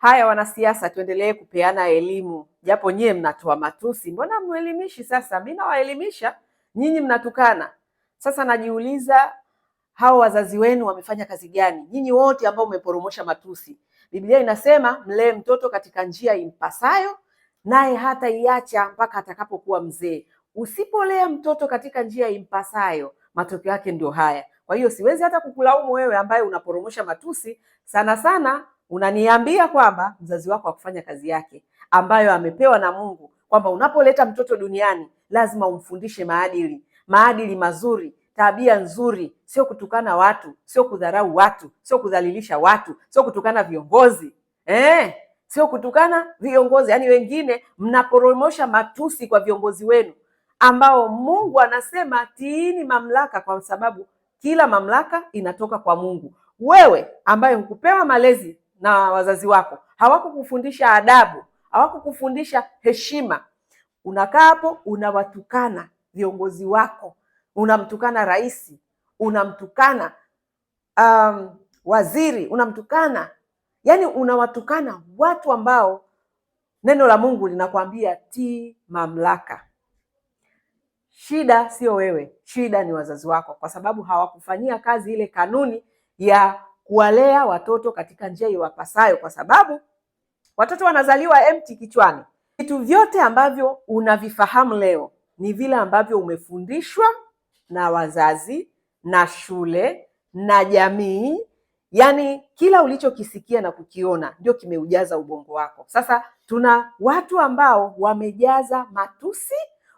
Haya wanasiasa, tuendelee kupeana elimu, japo nyie mnatoa matusi, mbona mwelimishi? Sasa mi nawaelimisha nyinyi, mnatukana. Sasa najiuliza hao wazazi wenu wamefanya kazi gani? Nyinyi wote ambao umeporomosha matusi, Biblia inasema mlee mtoto katika njia impasayo, naye hata iacha mpaka atakapokuwa mzee. Usipolea mtoto katika njia impasayo, matokeo yake ndio haya. Kwa hiyo siwezi hata kukulaumu wewe ambaye unaporomosha matusi sana sana unaniambia kwamba mzazi wako akufanya kazi yake ambayo amepewa na Mungu, kwamba unapoleta mtoto duniani lazima umfundishe maadili, maadili mazuri, tabia nzuri, sio kutukana watu, sio kudharau watu, sio kudhalilisha watu, sio kutukana viongozi eh, sio kutukana viongozi. Yaani wengine mnaporomosha matusi kwa viongozi wenu ambao Mungu anasema tiini mamlaka, kwa sababu kila mamlaka inatoka kwa Mungu. Wewe ambaye hukupewa malezi na wazazi wako hawakukufundisha adabu, hawakukufundisha heshima, unakaa hapo unawatukana viongozi wako, unamtukana rais, unamtukana um, waziri, unamtukana yani, unawatukana watu ambao neno la Mungu linakwambia ti mamlaka. Shida sio wewe, shida ni wazazi wako, kwa sababu hawakufanyia kazi ile kanuni ya kuwalea watoto katika njia iwapasayo, kwa sababu watoto wanazaliwa empty kichwani. Vitu vyote ambavyo unavifahamu leo ni vile ambavyo umefundishwa na wazazi na shule na jamii, yaani kila ulichokisikia na kukiona ndio kimeujaza ubongo wako. Sasa tuna watu ambao wamejaza matusi,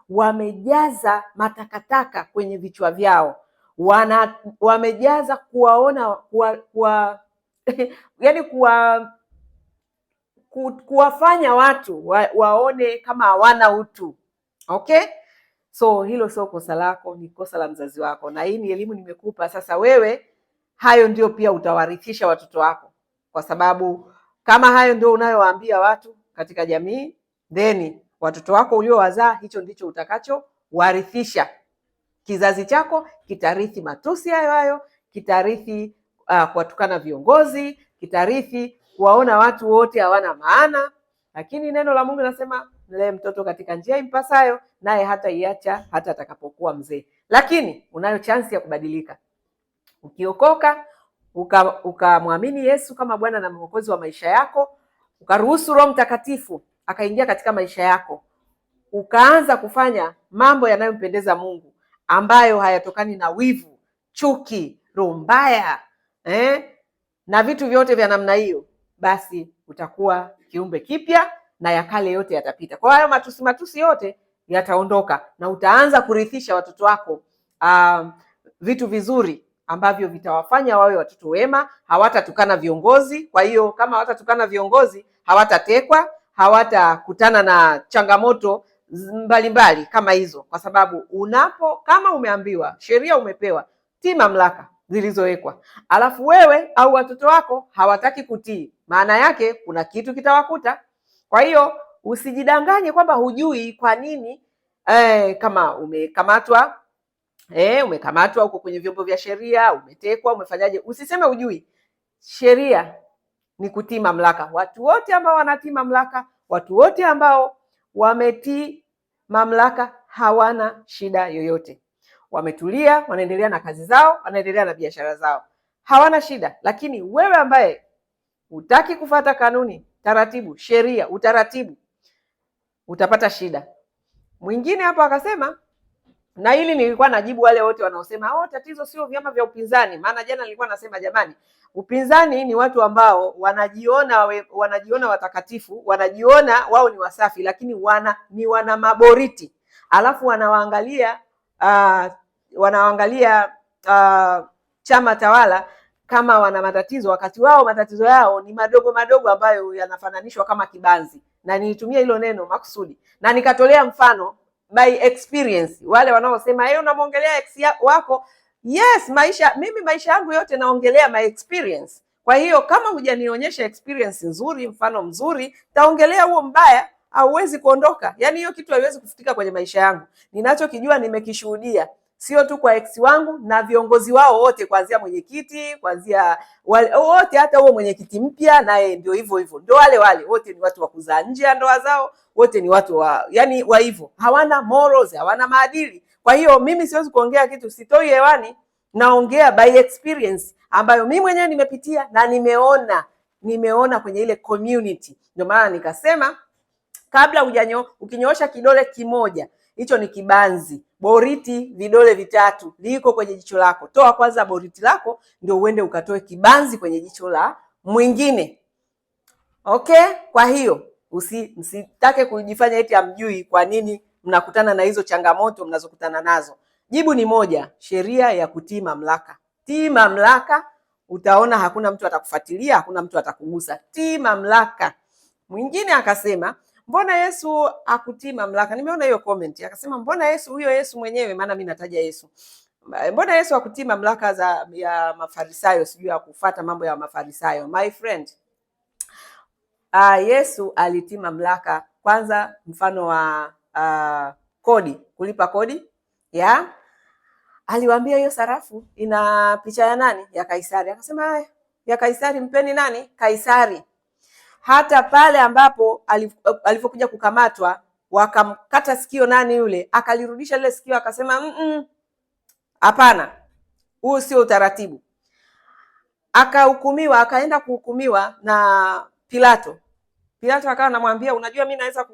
wamejaza matakataka kwenye vichwa vyao wana wamejaza kuwaona kuwa, kuwa yani kuwa ku, kuwafanya watu wa, waone kama hawana utu okay. So hilo sio kosa lako, ni kosa la mzazi wako, na hii ni elimu nimekupa. Sasa wewe, hayo ndio pia utawarithisha watoto wako, kwa sababu kama hayo ndio unayowaambia watu katika jamii, then watoto wako uliowazaa, hicho ndicho utakachowarithisha. Kizazi chako kitarithi matusi hayo hayo, kitarithi uh, kuwatukana viongozi, kitarithi kuwaona watu wote hawana maana. Lakini neno la Mungu linasema mlee mtoto katika njia impasayo, naye hata iacha hata atakapokuwa mzee. Lakini unayo chansi ya kubadilika ukiokoka, ukamwamini uka Yesu kama Bwana na Mwokozi wa maisha yako, ukaruhusu Roho Mtakatifu akaingia katika maisha yako, ukaanza kufanya mambo yanayompendeza Mungu ambayo hayatokani na wivu, chuki, roho mbaya eh, na vitu vyote vya namna hiyo, basi utakuwa kiumbe kipya na ya kale yote yatapita. Kwa hayo matusi matusi yote yataondoka na utaanza kurithisha watoto wako um, vitu vizuri ambavyo vitawafanya wawe watoto wema. Hawatatukana viongozi. Kwa hiyo kama hawatatukana viongozi, hawatatekwa, hawatakutana na changamoto mbalimbali mbali kama hizo, kwa sababu unapo kama umeambiwa sheria umepewa tii mamlaka zilizowekwa, alafu wewe au watoto wako hawataki kutii, maana yake kuna kitu kitawakuta. Kwa hiyo usijidanganye kwamba hujui kwa nini eh, kama umekamatwa eh, umekamatwa uko kwenye vyombo vya sheria, umetekwa, umefanyaje, usiseme hujui. Sheria ni kutii mamlaka. Watu wote ambao wanatii mamlaka, watu wote ambao wametii mamlaka hawana shida yoyote, wametulia, wanaendelea na kazi zao, wanaendelea na biashara zao, hawana shida. Lakini wewe ambaye hutaki kufata kanuni, taratibu, sheria, utaratibu, utapata shida. Mwingine hapo akasema na hili nilikuwa najibu wale wote wanaosema oh, tatizo sio vyama vya upinzani. Maana jana nilikuwa nasema jamani, upinzani ni watu ambao wanajiona we, wanajiona watakatifu, wanajiona wao ni wasafi, lakini wana ni wana maboriti, alafu wanawaangalia uh, wanawaangalia uh, chama tawala kama wana matatizo, wakati wao matatizo yao ni madogo madogo ambayo yanafananishwa kama kibanzi. Na nilitumia hilo neno makusudi na nikatolea mfano by experience. Wale wanaosema hey, eh, unamwongelea ex wako, yes, maisha mimi maisha yangu yote naongelea my experience. Kwa hiyo kama hujanionyesha experience nzuri, mfano mzuri, taongelea huo mbaya hauwezi kuondoka. Yaani hiyo kitu haiwezi kufutika kwenye maisha yangu. Ninachokijua nimekishuhudia sio tu kwa ex wangu na viongozi wao wote, kuanzia mwenyekiti, kuanzia wote, hata huo mwenyekiti mpya naye ndio hivyo hivyo, ndio wale wale wote, ni watu wa kuzaa nje ya ndoa zao, wote ni watu wa yani wa hivyo, hawana morals, hawana maadili. Kwa hiyo mimi siwezi kuongea kitu sitoi hewani, naongea by experience ambayo mimi mwenyewe nimepitia na nimeona, nimeona kwenye ile community. Ndio maana nikasema kabla hujanyo, ukinyoosha kidole kimoja, hicho ni kibanzi boriti vidole vitatu liko kwenye jicho lako, toa kwanza boriti lako ndio uende ukatoe kibanzi kwenye jicho la mwingine. Okay, kwa hiyo usi, msitake kujifanya eti hamjui kwa nini mnakutana na hizo changamoto mnazokutana nazo. Jibu ni moja, sheria ya kutii mamlaka. Tii mamlaka, utaona hakuna mtu atakufuatilia, hakuna mtu atakugusa. Tii mamlaka. Mwingine akasema mbona Yesu akutii mamlaka? Nimeona hiyo comment akasema, mbona Yesu huyo Yesu mwenyewe, maana mimi nataja Yesu, mbona Yesu akutii mamlaka za ya Mafarisayo, sijui akufata mambo ya Mafarisayo. My friend, uh, Yesu alitii mamlaka kwanza, mfano wa uh, kodi, kulipa kodi ya yeah. Aliwaambia hiyo sarafu ina picha ya nani? Ya Kaisari. Akasema eh, ya Kaisari mpeni nani? Kaisari hata pale ambapo alivyokuja kukamatwa wakamkata sikio nani yule, akalirudisha lile sikio akasema, hapana, huu sio utaratibu. Akahukumiwa, akaenda kuhukumiwa na Pilato. Pilato akawa anamwambia, unajua, mi naweza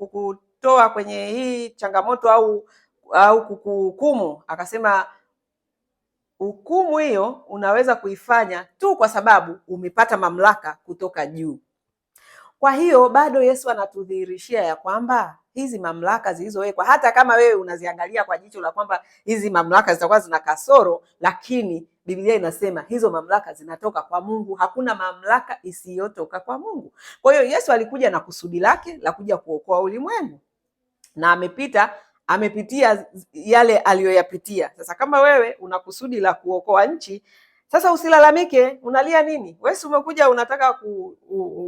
kukutoa kwenye hii changamoto au au kukuhukumu. Akasema Hukumu hiyo unaweza kuifanya tu kwa sababu umepata mamlaka kutoka juu. Kwa hiyo bado Yesu anatudhihirishia ya kwamba hizi mamlaka zilizowekwa, hata kama wewe unaziangalia kwa jicho la kwamba hizi mamlaka zitakuwa zina kasoro, lakini Biblia inasema hizo mamlaka zinatoka kwa Mungu. Hakuna mamlaka isiyotoka kwa Mungu. Kwa hiyo Yesu alikuja na kusudi lake la kuja kuokoa ulimwengu na amepita amepitia yale aliyoyapitia. Sasa kama wewe una kusudi la kuokoa nchi, sasa usilalamike, unalia nini? Wewe umekuja unataka ku,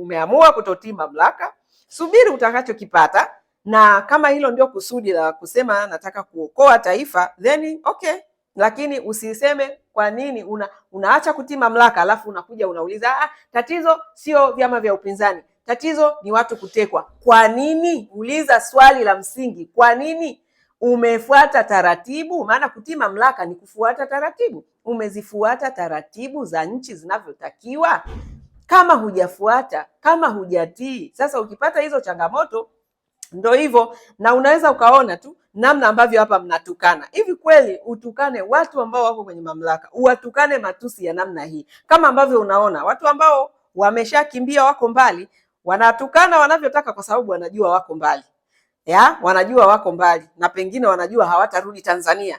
umeamua kutotii mamlaka, subiri utakachokipata, na kama hilo ndio kusudi la kusema nataka kuokoa taifa then okay, lakini usiseme kwa nini una, unaacha kutii mamlaka alafu unakuja unauliza ah, tatizo sio vyama vya upinzani, tatizo ni watu kutekwa. Kwa nini? Uliza swali la msingi, kwa nini? umefuata taratibu, maana kutii mamlaka ni kufuata taratibu. Umezifuata taratibu za nchi zinavyotakiwa? Kama hujafuata, kama hujatii, sasa ukipata hizo changamoto ndo hivyo, na unaweza ukaona tu namna ambavyo hapa mnatukana. Hivi kweli utukane watu ambao wako kwenye mamlaka? Uwatukane matusi ya namna hii? Kama ambavyo unaona watu ambao wameshakimbia wako mbali, wanatukana wanavyotaka, kwa sababu wanajua wako mbali ya wanajua wako mbali na pengine wanajua hawatarudi Tanzania,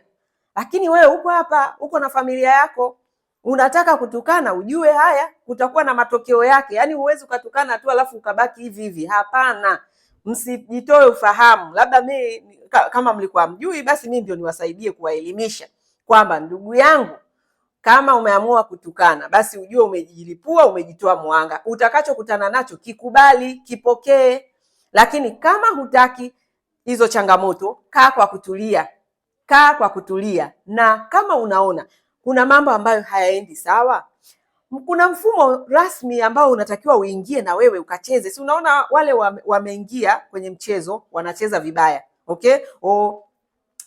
lakini wewe uko hapa, uko na familia yako, unataka kutukana, ujue haya kutakuwa na matokeo yake. Yaani huwezi ukatukana tu alafu ukabaki hivi hivi, hapana. Msijitoe ufahamu, labda mi kama mlikuwa mjui, basi mi ndio niwasaidie kuwaelimisha kwamba ndugu yangu, kama umeamua kutukana, basi ujue umejilipua, umejitoa mwanga. Utakachokutana nacho kikubali, kipokee lakini kama hutaki hizo changamoto, kaa kwa kutulia, kaa kwa kutulia, na kama unaona kuna mambo ambayo hayaendi sawa, kuna mfumo rasmi ambao unatakiwa uingie na wewe ukacheze. Si unaona wale wameingia kwenye mchezo wanacheza vibaya, okay? O,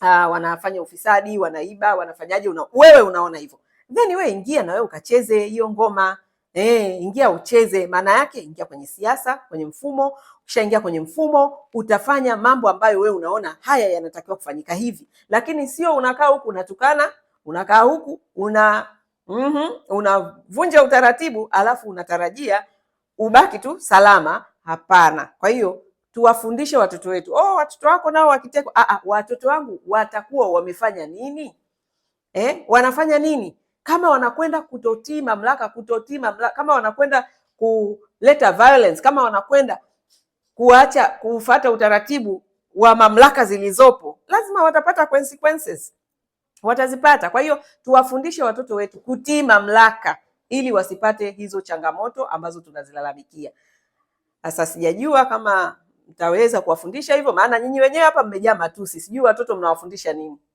aa, ah, wanafanya ufisadi, wanaiba, wanafanyaje? Una, wewe unaona hivyo, then wewe ingia na wewe ukacheze hiyo ngoma. Eh, ingia ucheze. Maana yake ingia kwenye siasa, kwenye mfumo. Ukishaingia kwenye mfumo, utafanya mambo ambayo we unaona haya yanatakiwa kufanyika hivi, lakini sio unakaa huku unatukana, unakaa huku una mm -hmm, unavunja utaratibu alafu unatarajia ubaki tu salama. Hapana. Kwa hiyo tuwafundishe watoto wetu. Oh, watoto wako nao wakitekwa, ah, ah, watoto wangu watakuwa wamefanya nini? Eh, wanafanya nini? kama wanakwenda kutotii mamlaka, kutotii mamlaka, kama wanakwenda kuleta violence, kama wanakwenda kuacha kufuata utaratibu wa mamlaka zilizopo, lazima watapata consequences, watazipata. Kwa hiyo tuwafundishe watoto wetu kutii mamlaka ili wasipate hizo changamoto ambazo tunazilalamikia. Sasa sijajua kama mtaweza kuwafundisha hivyo, maana nyinyi wenyewe hapa mmejaa matusi, sijui watoto mnawafundisha nini.